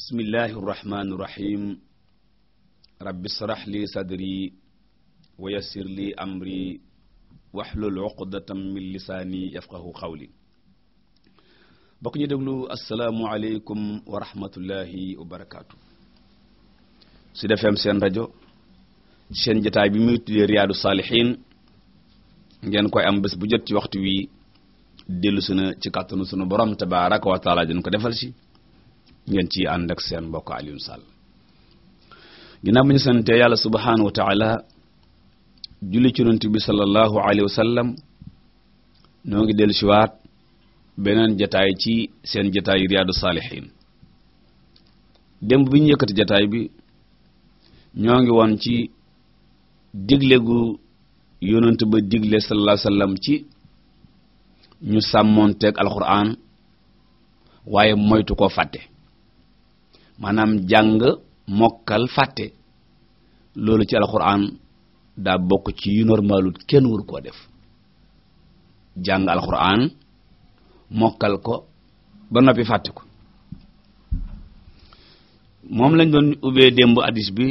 bismillahi irrahmani irrahim rabbi israh li sadri wa yassir li amri waxlul uqdatam min lisaani yafqahu qawli bokk ñu déglu asalaamu aleykum wa rahmatullahi wa barakaatu Sud seen rajo seen jotaay bi muy tuddee Riyadou Salihine ngeen koy am bés bu jot ci waxtu wi dellu na ci kàttanu sunu borom tabaaraka wa taala ko defal si ngeen ci ànd ak seen mbokk Alioune Sall ginnaaw bu ñu yàlla subhanahu wa taala julli ci yonent bi sallallahu alayhi wa noo ngi dellu siwaat beneen jataay ci seen jataay Riyadou Salihine démb bi ñu yëkkati jataay bi ñoo ngi woon ci digle gu yonent ba digle sallallahu alayhi wa sallam ci ñu sàmmoonteeg alquran waaye moytu koo fàtte maanaam jàng mokkal fàtte loolu ci alxuraan daa bokk ci yu normalut kenn waru koo def jàng alxuraan mokkal ko ba noppi fàtte ko moom lañ doon ubbee démb addis bi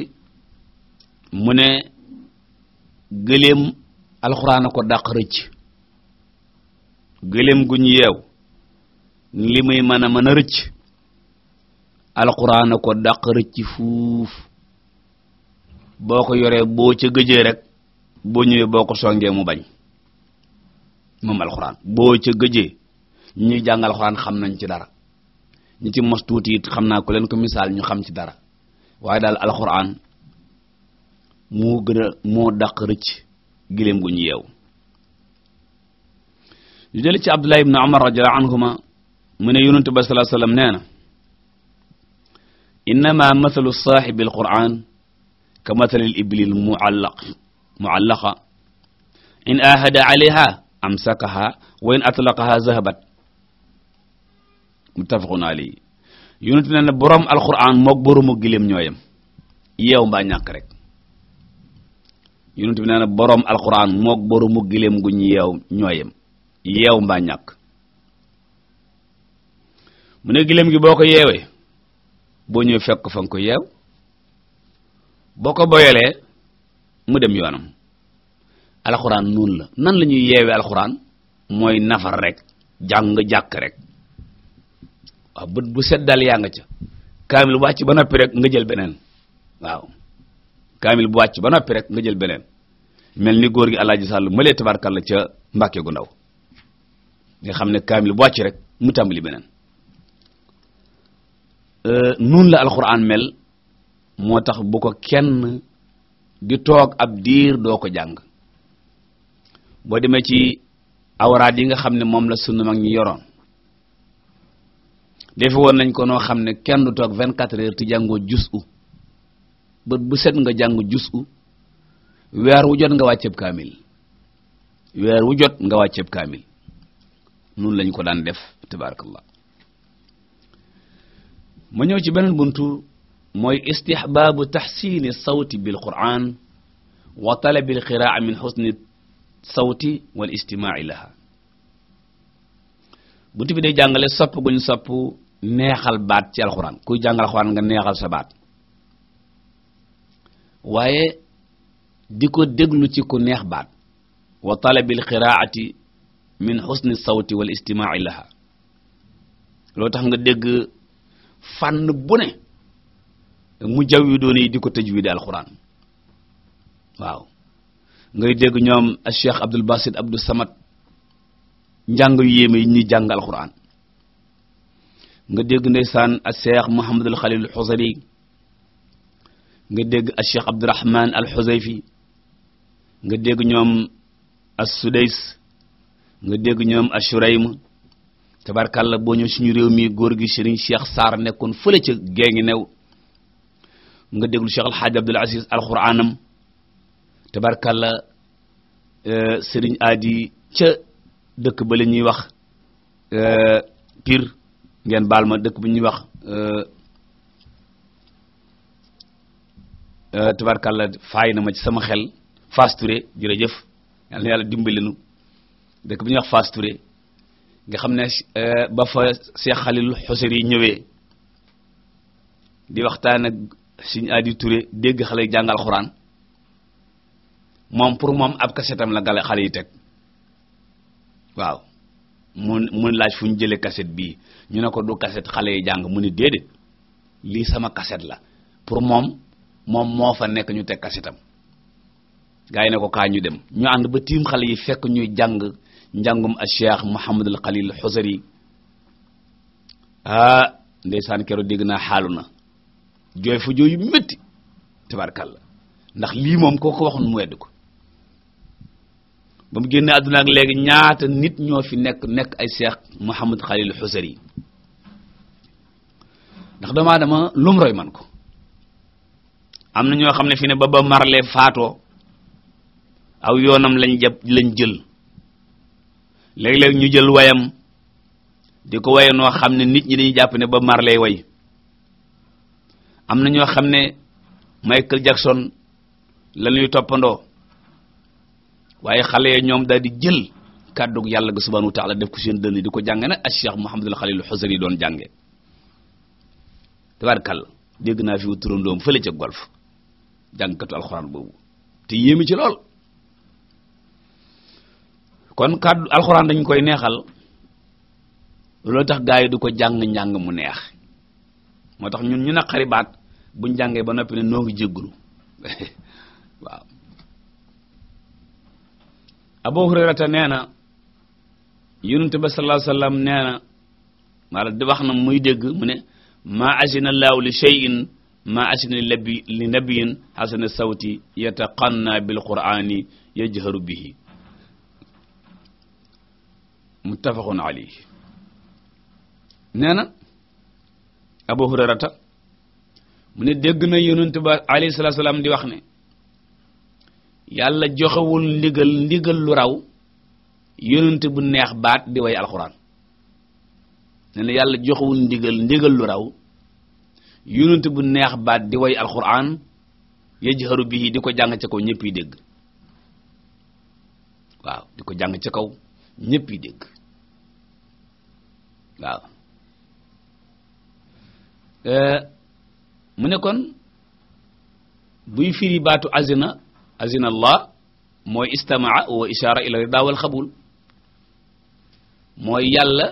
mu ne gëléem alxuraan a ko dàq rëcc gëléem gu ñu yeew li muy mën a mën a rëcc alxuraan a ko dàq rëcc fuuf boo ko yoree boo ca gëjee rek boo ñëwee boo ko songee mu bañ moom alxuraan boo ca gëjee ñuy jàng alxuraan xam nañ ci dara ñi ci mos tuuti it xam naa ko leen ko misaal ñu xam ci dara waaye daal alxuraan moo gën a moo dàq rëcc giléem gu ñu yeew ñu jël ci Abdullah ibn Umar radiyallahu anhuma mu ne yonent ba sallallahu alayhi wasallam nee na innama mathalu saaxibi alquran ka mathalil iblil muallaq muallaqa in ahada alayha amsakaha wa in atlaqaha zahabat muttafaqun alayhi yonent na ne borom alquran mook boromu giléem ñooyam yeew mbaa ñàkk rek yonent bi nee na boroom alxuraan mook boromu giléem guñ yeew ñooyem yeew mbaa ñàkk mu ne giléem gi boo ko yeewee boo ñëwee fekk fa nga ko yeew boo ko boyalee mu dem yoonam alxuraan noonu la nan la ñuy yeewee alxuraan mooy nafar rek jàng jàkk rek waaw bu bu set yaa nga ca kaamil bu wàcc ba noppi rek nga jël beneen waaw bu wàcc ba noppi rek nga jël beneen mel ni góor gi alaaji sàll malee tabarkalla ca mbàkke gu ndaw nga xam ne kaamil bu wàcc rek mu tàmbali beneen Euh, nun la alxuraan mel moo tax bu ko kenn di toog ab diir doo ko jàng boo demee ci awraat yi nga xam ne moom la sunu mag ñu yoroon defe woon nañ ko noo xam ne kenn du toog vingt quatre heures ti jàngoo jus u bët bu set nga jàng jus u weer wu jot nga wàcceeb kaamil weer wu jot nga wàcceeb kaamil nun lañ ko daan def tabarakallah ma ñëw ci beneen buntu mooy istihbaabu taxsini sawti bil qur'an wa talabi al qiraa min xusni sawti wal istimaai laha buntu bi day jàngale sopp gu ñu sopp neexal baat ci alxuraan kuy jàngal alxuraan nga neexal sa baat waaye di ko déglu ci ku neex baat wa talabil qiraati min xusni sawti wal istimaai laha loo tax nga dégg fànn bu mu jaw yu yi di ko tëj wi di alxuraan waaw ngay dégg ñoom a cheikh abdul basit abdul samad njàng yu yéeme yi ñuy jàng alxuraan nga dégg ndeysaan a cheikh muhammadul xalil xusari nga dégg a cheikh abdurahman al xusayfi nga dégg ñoom as sudays nga dégg ñoom a shuraym tabarkalla boo ñëw suñu réew mi góor gi Serigne Cheikh Sarr nekkoon fële ca ngi new nga déglu Cheikh Alhaaj Abdul Aziz alxuraanam tabarkalla euh, Serigne Adi ca dëkk ba la ñuy wax euh, Pire ngeen baal ma dëkk bu ñuy wax te euh, tabarkalla faay na ma ci sama xel Fass Touré jërëjëf yal na yàlla dimbali nu dëkk bu ñuy wax Fass nga xam ne euh, ba fa Cheikh Khalil yi ñëwee di waxtaan ak Serigne Adi dégg xale yi jàngal xuraan moom pour moom ab kasetam la gale xale yi teg waaw mu mu laaj fu ñu jëlee kaset bii ñu ne ko du kaset xale yi jàng mu ni déedéet lii sama kaset la pour moom moom moo fa nekk ñu teg kasetam gaa yi ko kaa ñu dem ñu ànd ba tiim xale yi fekk ñuy jàng njàngum a cheikh Mouhamadul Khalil Xusari ah ndeysaan kero dégg na xaalu na jooy fa jooyu métti tabarkàlla ndax lii moom koo ko waxoon mu wedd ko ba mu génne àdduna ak léegi ñaata nit ñoo fi nekk nekk ay cheikh Mouhamad Khalil Xusari ndax doomu aadama lum roy man ko am na ñoo xam ne fi ne ba ba marle faato aw yoonam lañ jab lañ jël léeg-léeg ñu jël wayam di ko waye noo xam ne nit ñi dañuy jàpp ne ba mar lay way am na ñoo xam ne Michael Jackson la ñuy toppandoo waaye xale ya ñoom daal di jël kàddug yàlla ga subhanahu wa ta'ala def ko seen dënn di ko jànge nag ak Cheikh Mouhamadul Khalil Husayri doon jànge tabarkàlla dégg naa fi turandoom fële ca golf jàngkatu alxuraan boobu te yéemi ci lool kon kàddu alxuraan dañ koy neexal loo tax gaa yi du ko jàng njàng mu neex moo tax ñun ñu na xaribaat buñ jàngee ba noppi ne noo ngi jéggulu waaw abu hurayrata nee na yonent bi sallallahu alayhi wasallam nee na di wax na muy dégg mu ne ma asina laahu li shay'in ma asina li nabi li nabiyin hasana sawti yataqanna bil qur'ani yajharu bihi muttafaqun alayhi nee na abu hurairata mu ne dégg na yonent ba alayhi salaam di wax ne yàlla joxewul ndigal ndigal lu raw yonent bu neex baat di way alxuraan nee na yàlla joxewul ndigal lu raw yonent bu neex baat di way alxuraan yajharu bihi di ko jàng ca kaw ñëpp yi dégg waaw di ko jàng ca kaw ñépp yi dégg waaw euh, mu ne kon buy firi baatu azina azina allah mooy istamaa wa ishaara ila rida wal xabul mooy yàlla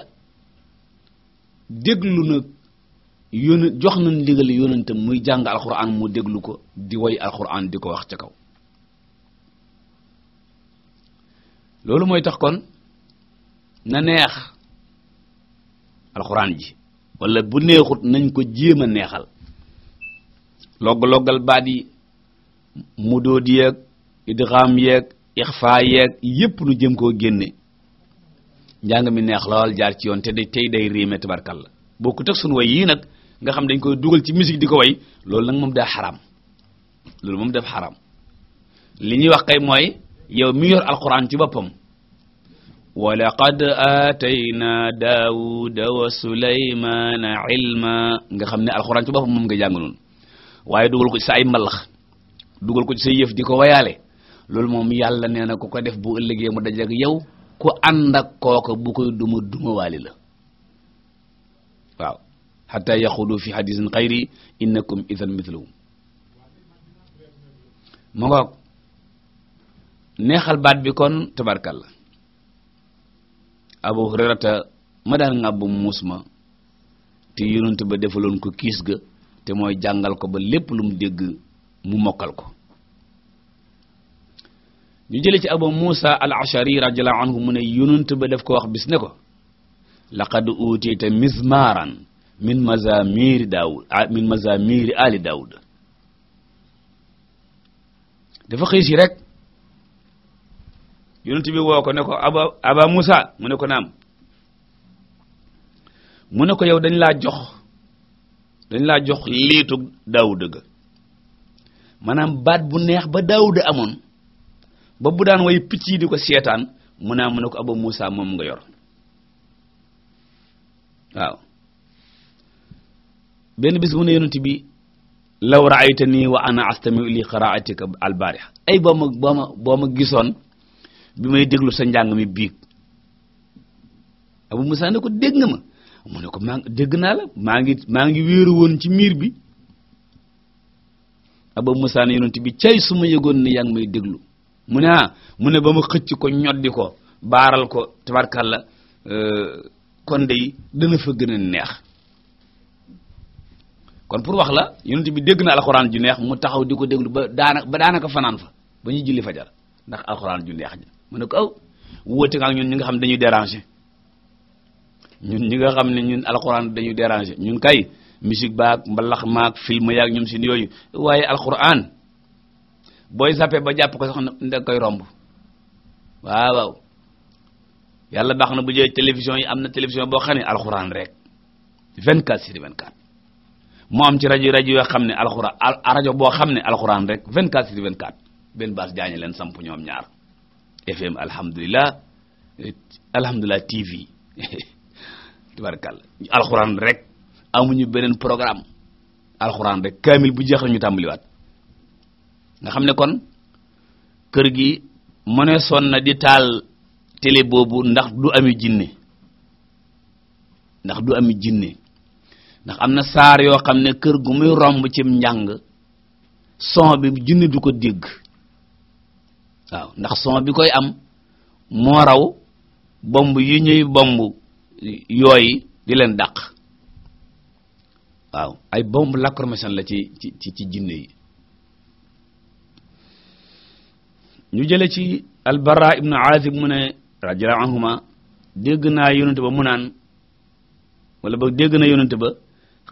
déglu na yóne jox na ndigal yónentam muy jàng alxuraan mu déglu ko di woy alxuraan di ko wax ca kaw loolu mooy tax kon na neex alxuraan ji wala bu neexut nañ ko jéem a neexal logg-loggal baat yi mudóod yeeg xam yeeg ixfa yeeg yépp nu jëm koo génne njàng mi neex lool jaar ci yoon te day tey day la boo ko teg sunu way yii nag nga xam dañ koy dugal ci musique di ko way loolu nag moom daa xaraam loolu moom def xaraam li ñuy wax kay mooy yow mi yor alxuraan ci boppam walaqad aatayna daawuda wa sulaymaana ilma nga xam ne alxuraan ci boppam moom nga jàngaloon waaye dugal ko ci sa ay mbalax dugal ko ci sa yëf di ko wayaale loolu moom yàlla nee na ku ko def bu ëllëgee mu dajak yow ku ànd ak kooka bu koy duma duma waali la waaw xataa yaxudu fi xadisin xayri innakum idan mithluhum ma ngoog neexal baat bi kon tabarkalla abu hurairata ma daan ŋàbb muus ma te yonent ba defaloon ko kiis ga te mooy jàngal ko ba lépp lum mu dégg mu mokkal ko ñu jële ci abu musa al ashari anhu mu ne yonent ba def ko wax bis ne ko laqad utiita mizmaran min mazamiri daawud min mazamiri xiis yi rek yonent bi woo ko ne ko aba aba Musa mu ne ko naam mu ne ko yow dañ laa jox dañ laa jox liitu Daawuda ga maanaam baat bu neex ba Daawuda amoon ba bu daan way picc yi di ko seetaan mu naa mu ne ko aba Musa moom nga yor waaw benn bis mu ne yonent bi law ra'aytani wa ana astami'u li qira'atika al-bariha ay boo ma boo ma ma gisoon bi may déglu sa njàng mi biig Abu Musa ko dégg nga ma mu ne ko maa dégg naa la maa ngi maa ngi wéeru woon ci miir bi Abu Musa ne yonent bi cay su ma yëgoon ne yaa ngi may déglu mu ne ah mu ne ba ma xëcc ko ñoddi ko baaral ko tabarkalla euh, kon dey dana fa gën neex kon pour wax la yonent bi dégg na alxuraan ju neex mu taxaw di ko déglu ba daanaka daanaka fanaan fa ba ñu julli fajar ndax alxuraan ju neex ja mu ne ko aw oh, wóote nga ak ñun ñi xam ne dañuy déranger ñun ñi nga xam ne ñun alxuraan dañuy déranger ñun kay musique baak mbalax maak film yaak ñoom sin yooyu waaye alxuraan booy zappe ba jàpp ko sax nda koy romb waaw waaw yàlla baax na bu jëlee télévision yi am na télévision boo xam ne alxuraan rek 24 sur 24 moo am ci rajo rajo yoo xam ne alxuraan rajo boo xam ne alxuraan rek 24 sur 24 benn baas jaañu leen samp ñoom ñaar. FM alhamdulilah alhamdulilah TV tubarkàlla alxuraan rek amuñu beneen programme alxuraan rek kaamil bu jeex la ñu tàmbaliwaat nga xam ne kon kër gi mëneesoon na di taal télé boobu ndax du ami jinne ndax du ami jinne ndax am na saar yoo xam ne kër gu muy romb cim njàng son bi jinne du ko dégg waaw ndax son bi koy am moo raw bomb yi bomb yooyu di leen dàq waaw ay bomb lacrymogène la ci ci ci ci jinne yi ñu jële ci albara ibnu azib mu ne radiyallahu anhuma dégg naa yonente ba mu naan wala ba dégg na yonente ba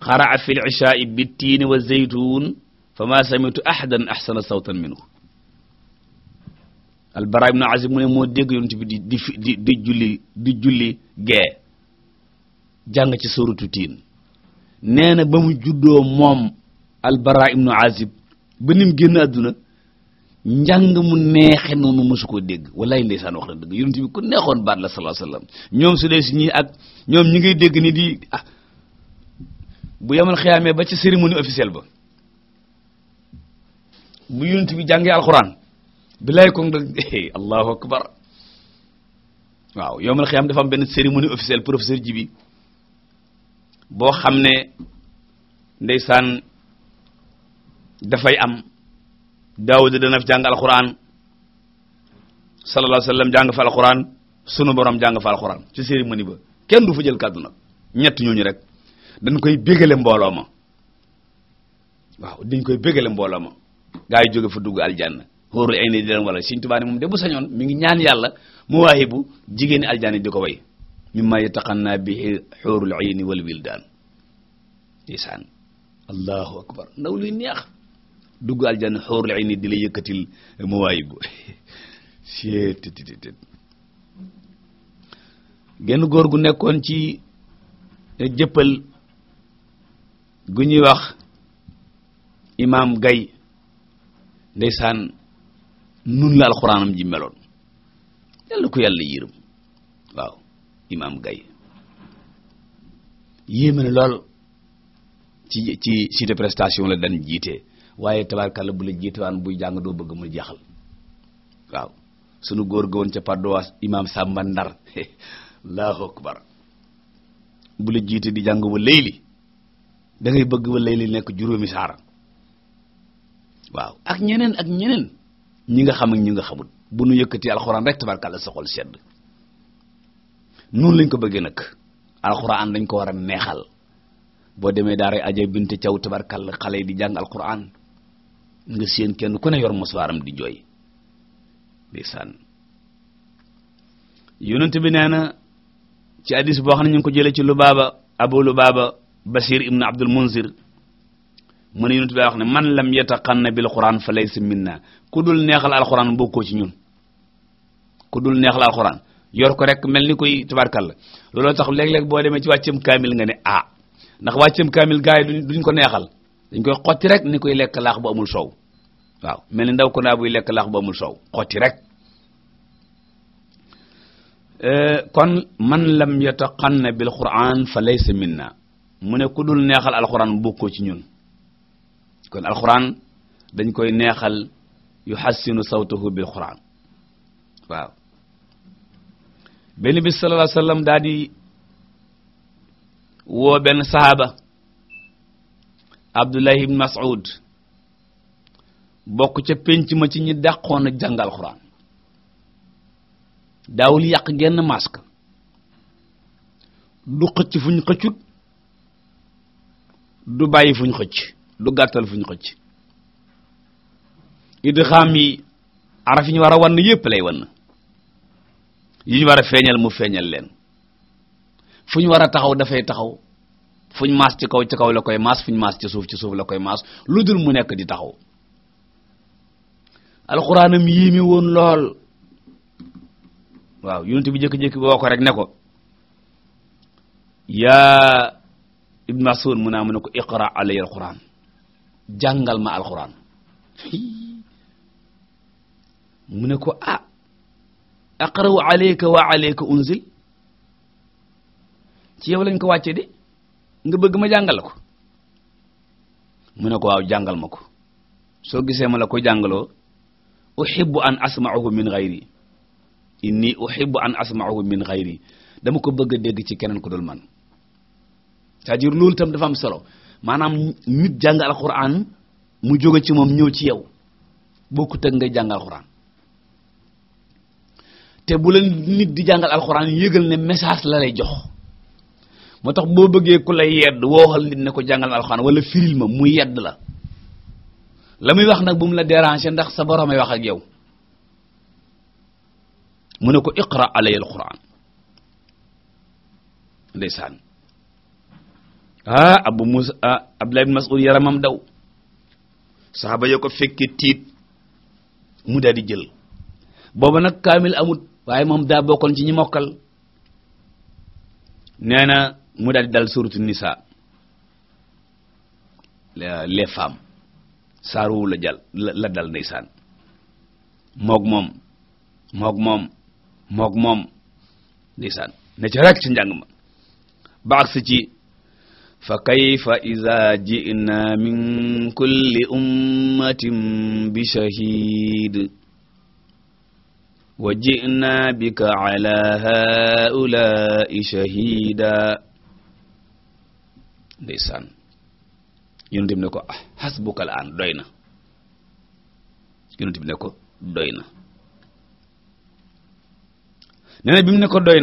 xaraa fi l ishaai bittiini wa zeytun fa ma samitu ahadan ahsana sawtan minhu albara ibn azib mu ne moo dégg yonent bi di di di julli di jàng ci suratu tiin nee na ba mu juddoo moom albara ibn azib ba nim génn àdduna njàng mu neexe noonu mosu koo dégg wallaay ndeysaan wax na dëgg yonent bi ku neexoon baat la sallallahu alayhi wasallam ñoom su dee si ñii ak ñoom ñi ngay dégg ni di ah bu yemal xiyaamee ba ci cérémonie officielle ba bu yonent bi jàngee alxuraan billaay kon allahu akbar waaw yowmal xiyaam dafa am benn cérémonie officielle professeur Djibi boo xam ne saan dafay am Daawuda dana fi jàng alxuraan sallallahu alayhi jàng fa sunu borom jàng fa alxuraan ci cérémonie ba kenn du fa jël kàddu nag ñett ñooñu rek dañ koy bégale mbooloo ma waaw dañ koy bégale mbooloo ma gaa yi jóge fa dugg aljanna xóorul ay ni di leen wala Sëriñ Tuubaa ngi ñaan yàlla mu waahibu jigéen ñi aljaani di ko way mimma yataqanna bihi xóorul ayni wal wildaan lisaan allahu akbar ndaw luy neex dugg aljaani xóorul ay ni di la yëkkatil mu genn góor gu nekkoon ci jëppal gu ñuy wax imaam gay ndeysaan nun la alxuraanam ji meloon yàlla ko yàlla yërëm waaw imaam gay yéeme na lool ci ci ci de prestation la dan jiite waaye tabaarkàlla bu la jiitewaan buy jàng doo bëgg mu jeexal waaw sunu góor ga woon ca padduwaas imaam Sàmba Ndar allahu akbar bu la jiite di jàng ba layli da bëgg ba layli nekk juróomi saara waaw ak ñeneen ak ñeneen ñi nga xam ak ñi nga xamul bu nu yëkkati alxuraan rek tabarkàlla sa xol sedd noonu lañ ko bëggee nag alxuraan dañ ko war a neexal boo demee daara aja bint caw tabarkàlla xale yi di jàng alxuraan nga séen kenn ku ne yor moswaaram di jooy ndeysaan yonent bi nee na ci hadis boo xam ne ñu ngi ko jëlee ci Lubaaba Abu Lubaaba Basir ibn Abdul Munzir mu ne yonent bi wax ne man lam yataqanna bil quran fa laysa minna ku dul neexal alquran bokkoo ci ñun ku dul neexal alquran yor ko rek mel ni koy tabarkal la looloo tax léeg-léeg boo demee ci wàccem kaamil nga ne ah ndax wàccem kaamil gars yi duñ ko neexal dañ koy xotti rek ni koy lekk laax bu soow waaw mel ni ndaw ko naa buy lekk laax bu amul xotti rek euh, kon man lam yataqanna bil quran fa laysa minna mu ne ku dul neexal alquran bokkoo ci ñun kon alxuraan dañ koy neexal yuhassinu sawtahu bil xuraan waaw benn bis sallallahu alayhi wasallam woo benn sahaaba Abdullah ibn Mas'ud bokk ca penc ma ci ñi dàqoon a jàng alxuraan daawul yàq genn masque du xëcc fuñ xëccut du bàyyi fuñ xëcc du gàttal fuñ ñu xëcc idgham yi araf yi ñu war a wan yépp lay wan yi ñu war a feeñal mu feeñal leen fu ñu war a taxaw dafay taxaw fuñ ñu maas ci kaw ci kaw la koy maas fu maas ci suuf ci suuf la koy maas lu dul mu nekk di taxaw alxuraanam yii mi woon lool waaw yonent bi jékki-jékki woo ko rek ne ko yaa Ibn Mas'ud mu naa mu ne ko iqra alayya alxuraan jàngal ma alxuraan mu ne ko ah aqra'u alayka wa alayka unzil ci yow lañ ko wàcce de nga bëgg ma jàngal la ko mu ne ko waaw jàngal ma ko soo gisee ma la ko jàngaloo uhibbu an asma'ahu min ghayri inni uhibbu an asma'ahu min ghayri dama ko bëgg a dégg ci keneen ku dul man c'est-à-dire tam dafa am solo maanaam nit jàng alxuraan mu jóge ci moom ñëw ci yow bokkut ak ngay jàng alxuraan te bu la nit di jàngal alxuraan yëgal ne message la lay jox moo tax boo bëggee ku lay yedd wooxal nit ne ko jàngal alxuraan wala firil ma mu yedd la la muy wax nag bu mu la déranger ndax sa boromay wax ak yow mu ne ko iqra alayya alxuraan ndeysaan ah abu musa ah abdullah ibn mas'ud yaramam daw saxaaba yoo ko fekke tiit mu daal di jël booba nag kaamil amut waaye moom daa bokkoon ci ñi mokkal nee na mu daal dal suratu nisa les femmes saaruwu la la dal ndeysaan moog moom moog moom moog moom ne ca rek ci njàng ma baax si ci fa kayfa iza ji'na min kulli ummatin bi shahid wa ji'na bika ala haa'ulaa'i shahida ne na yonent bi ne ko doy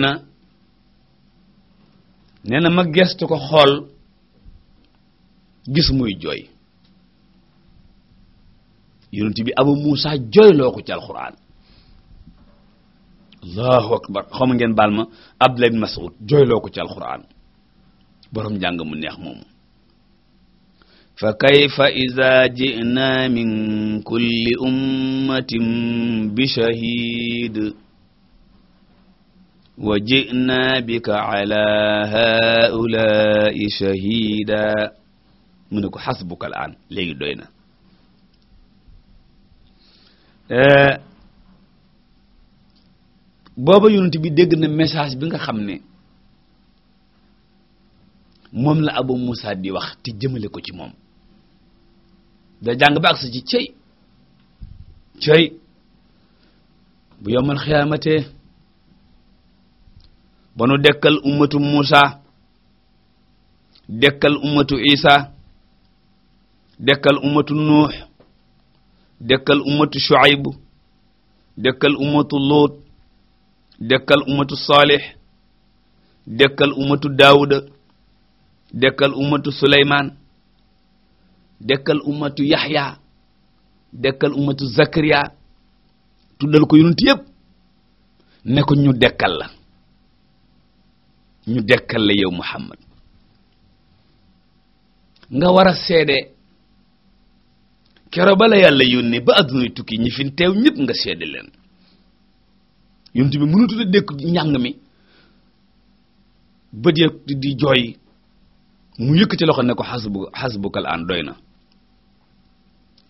ne na ma gestu ko xool gis muy jooy yonent bi abu muusa jooy loo ko ci alxuraan allahu akbar xam ngeen baal ma abdullah ibn mas'ud jooy loo ko ci alxuraan boroom njàng mu neex moomu fa kayfa iza ji'na min kulli ummatin bi shahid wa ji'na bika ala ha'ula'i shahida mu ne ko xas bu kalaan léegi doy na eh, booba yonent bi dégg na message bi nga xam ne moom la Abu Musa di wax te jëmale ko ci moom da jàng ba agsi ci cëy cëy bu yomal xiyaamatee ba nu dekkal ummatu Musa dekkal ummatu Isa dekkal ummatu nuux dekkal ummatu shuayb dekkal ummatu luut dekkal ummatu saalix dekkal ummatu daawuda dekkal ummatu suleymaan dekkal ummatu yaxya dekkal ummatu zakariya tuddal ko yu yépp ne ko ñu dekkal la ñu dekkal la yow muhammad nga wara seede kero ba la yàlla yónnee ba addunay tukki ñi fi teew ñëpp nga seede leen yonent bi mënut a dékku njàng mi bët ya di jooy mu yëkkati loxo ne ko xasbu xasbukal aan doy na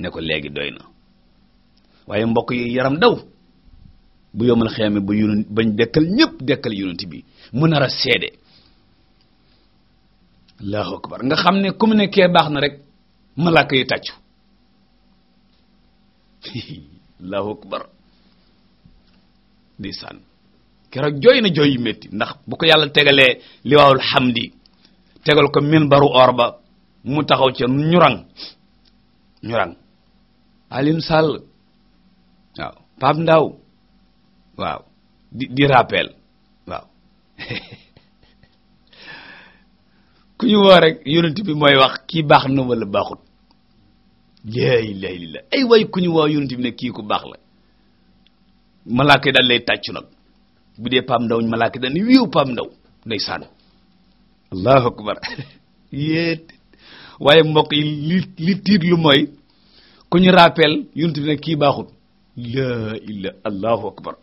ne ko léegi doy na waaye mbokk yi yaram daw bu yomal xeeme ba yonent bañ dekkal ñëpp dekkal yonent bi mu nar a seede allahu akbar nga xam ne ko mu nekkee baax na rek malaaka yi tàccu allahu akbar di sànn keroog jooy na jooy yu metti ndax bu ko yàlla tegalee liwaawul xamdi tegal ko minbaru or ba mu taxaw ca ñurang ñurang alim sàll waaw Pape Ndaw waaw di rappel waaw ku ñu woo rek bi mooy wax kii baax na wala baaxut laa ilaaha illallaah ay waay ku ñu waaw yonent bi ne kii ku baax la malaaka yi lay tàccu nag bu dee pam ndaw malaaka yi daal ne wiiw pam ndaw day sànn allahu akbar yéet waaye mbokk yi li tiit lu mooy ku ñu rappel yonent bi ne kii baaxut laa ilaaha allahu akbar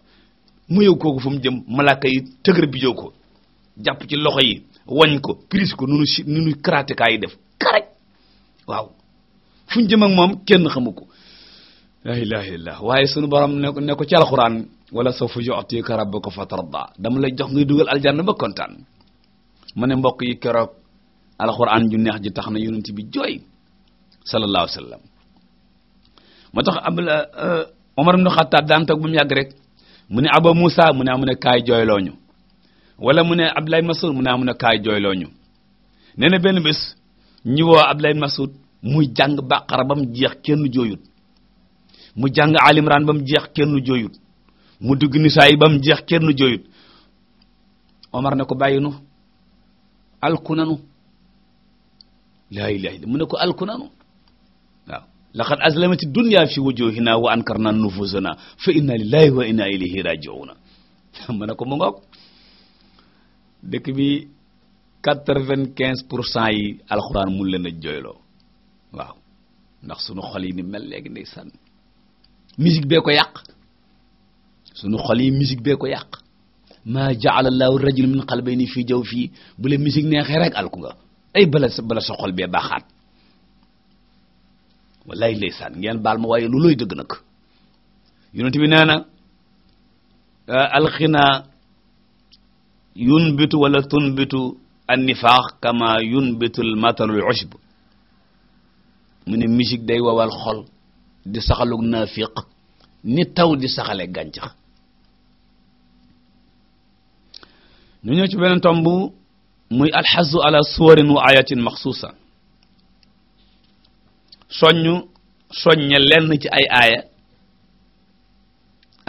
mu yow kooku fu jëm malaaka yi tëgër bi jow ko jàpp ci loxo yi wañ ko prise ko nunu si nunu yi def karaj fu ñu moom kenn xamu ko la ilaha illallah waaye sunu borom ne ko ne ko ci alxuraan wala sawfa yu'tika rabbuka fatarda dama lay jox ngay dugal aljanna ba kontaan ma ne mbokk yi keroog alxuraan ju neex ji tax na yonent bi jooy sallallahu alayhi wa moo tax abla euh, Omar ibn Khattab daan toog bu mu yàgg rek mu ne Abu Musa mu ne amu ne kaay jooyloo ñu mu ne Abdullah Mas'ud mu ne amu ne kaay jooyloo ñu benn bés ñu woo Abdullah Mas'ud muy jàng baqara ba mu jeex kenn jooyut mu jàng alimran ba mu jeex kenn jooyut mu dugg nisaa yi ba mu jeex kenn jooyut Omar ne ko bàyyi nu alkunanu laa ilaha mu ne ko alkunanu waaw laqad azlamati dunya fi wujuhina wa ankarna nufusana fa inna lillahi wa inna ilayhi raji'una mu ne ko mu ngoog dëkk bi quatre-vingt-quinze pour cent yi alxuraan mun leen a jooyloo waaw ndax sunu xol yi ni mel léegi ndeysaan musique bee ko yàq sunu xol yi musique bee ko yàq maa jaala llahu rajul min qalbayni fi jaw fii bu la musique neexee rek alku nga ay bala sa bala sa xol bee baaxaat wallaay ndeysaan ngeen baal ma waaye lu looy dëgg nag yonent bi nee na alxinaa yunbitu wala tunbitu annifaax kama yunbitu almatalu al ushb mu ne misik day wowal xol di saxalug naafiq ni taw di saxale gàncax ñu ñëw ci beneen tomb muy alxazu ala suwarin wa ayatin maxsuusa soññu soññe lenn ci ay aaya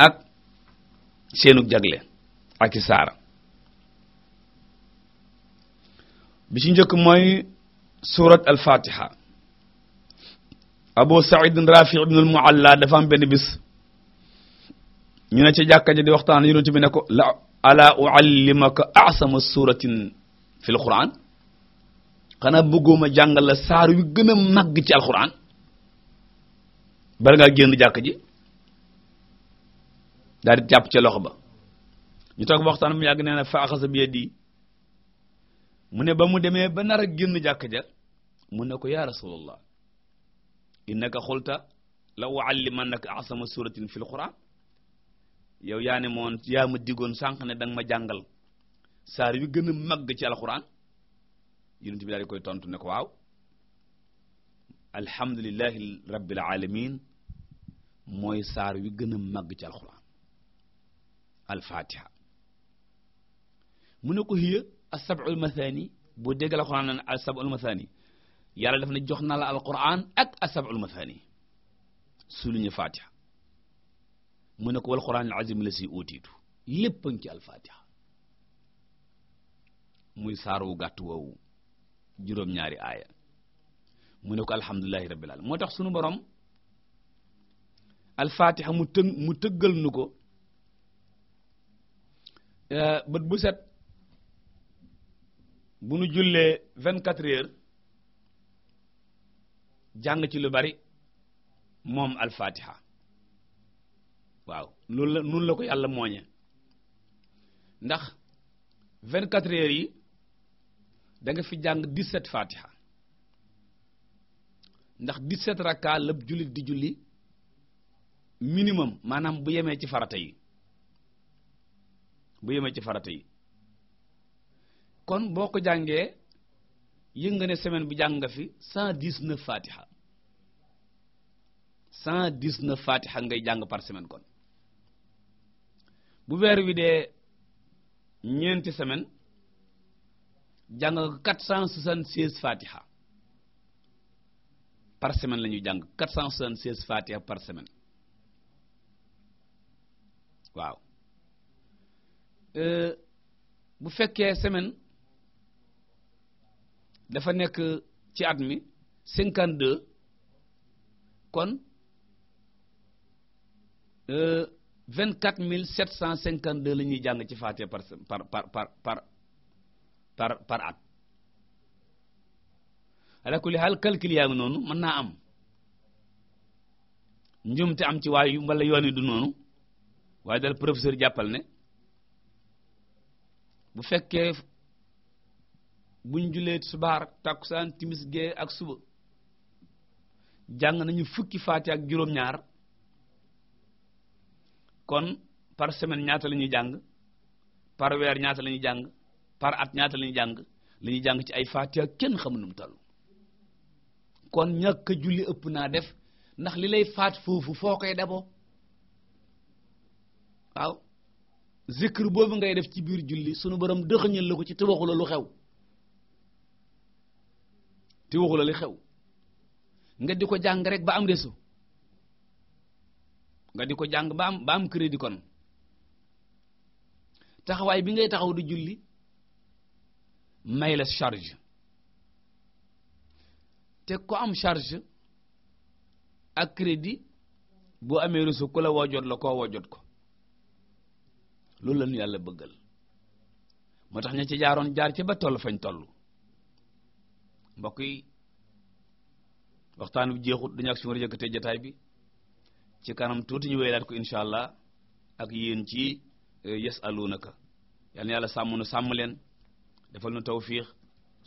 ak seenug jagle ak i saara bi ci njëkk mooy surat al fatiha Abu Saïd Rafi ibn al-Mualla dafa am benn bis ñu ne ci jàkka di waxtaan yonent bi ne ko la ala uallimaka asama suratin fi alquran xanaa bëggooma jàngal la saar yu gën a màgg ci alquran bala ngaa génn jàkka ji daal jàpp ca loxo ba ñu toog waxtaan mu yàgg nee na fa axasa bi yadi mu ne ba mu demee ba nar a génn jàkka ja mu ne ko ya rasulullah innaka xulta la uallimannaka asama suratin fil quran yow yaa ne moon yaa ma digoon sànq ne danga ma jàngal saar yu gën a màgg ci alquran yonent bi daal di koy tontu ne ko waaw alhamdulillahi rabbil alamin mooy saar wi gën a màgg ci alquran alfatiha mu ne ko hiya as-sab'ul mathani boo dégg alquran nan as-sab'ul mathani yàlla daf na jox na la alquran ak asabul mathani suluñu fatiha mu ne ko wal quran al azim la si utiitu lépp a ngi ci alfatiha muy saar wu gàtt woowu juróom-ñaari aaya mu ne ko alhamdulillahi rabbil alamin moo tax sunu borom alfatiha mu mu tëggal nu ko eh, bët bu set bu nu jullee vingt-quatre heures jàng ci lu bari moom alfatiha waaw loolu la nun la ko yàlla mooñe ndax 24 yi danga fi jàng 17 fatiha ndax 17 rakka la jullit di julli minimum maanaam bu yemee ci farata yi bu yemee ci farata yi kon boo ko jàngee yëg nga ne semaine bi jàng nga fi cent dix neuf fatiha cent dix neuf fatiha ngay jàng par semaine kon bu weer wi dee ñeenti semaine jàng nga quatre cent soixante seize fatiha par semaine la ñuy jàng quatre cent soixante seize fatiha par semaine waaw euh, bu fekkee semaine dafa nekk ci at mi cinquante deux kon euh, vingt quatre mille sept cent cinquante deux la ñuy jàng ci Fatiha par par par par par par par at ala kulli xaal calcul yaa noonu mën naa am njumte am ci waayu yu mbala yi du noonu waaye dal professeur jàppal ne bu fekkee buñ jullee subaar takkusaan timis gee ak suba jàng nañu fukki faati ak juróom-ñaar kon par semaine ñaata lañuy jàng par weer ñaata la ñuy jàng par at ñaata la jàng la jàng ci ay faati ak kenn xamul nu mu kon ñàkk a julli ëpp naa def ndax li lay faat foofu foo koy dabo waaw zikr boobu ngay def ci biir julli sunu borom dëxëñal la ko ci te waxula lu xew te waxu la xew nga di ko jàng rek ba am réseau nga di ko jàng ba am ba am crédit kon taxawaay bi ngay taxaw di julli may la charge te ko am charge ak crédit boo amee réseau ku la woo jot la koo woo jot ko loolu la ñu yàlla bëggal moo tax ña ci jaaroon jaar ci ba toll fañ toll mbokk yi waxtaan bi jeexut dañu ak suñu war a yëkkatee jataay bi ci kanam tuuti ñu wéylaat ko incha allah ak yéen ci eh, yasalunaka yal na yàlla sàmm nu sàmm leen defal nu tawfiix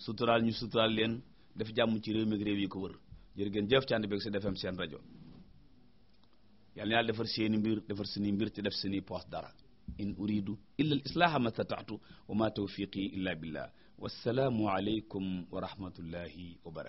suturaal ñu suturaal leen def jàmm ci réew mi réew yi ko wër jërë geen jëf ci ànd beeg si seen rajo yal na yàlla defar seeni mbir defal seeni mbir te def seeni poos dara in uridu illa al islaaha ma stata'tu wa ma tawfiqi illa billah wassalaamu aleykum wa rahmatullahi wa barakatu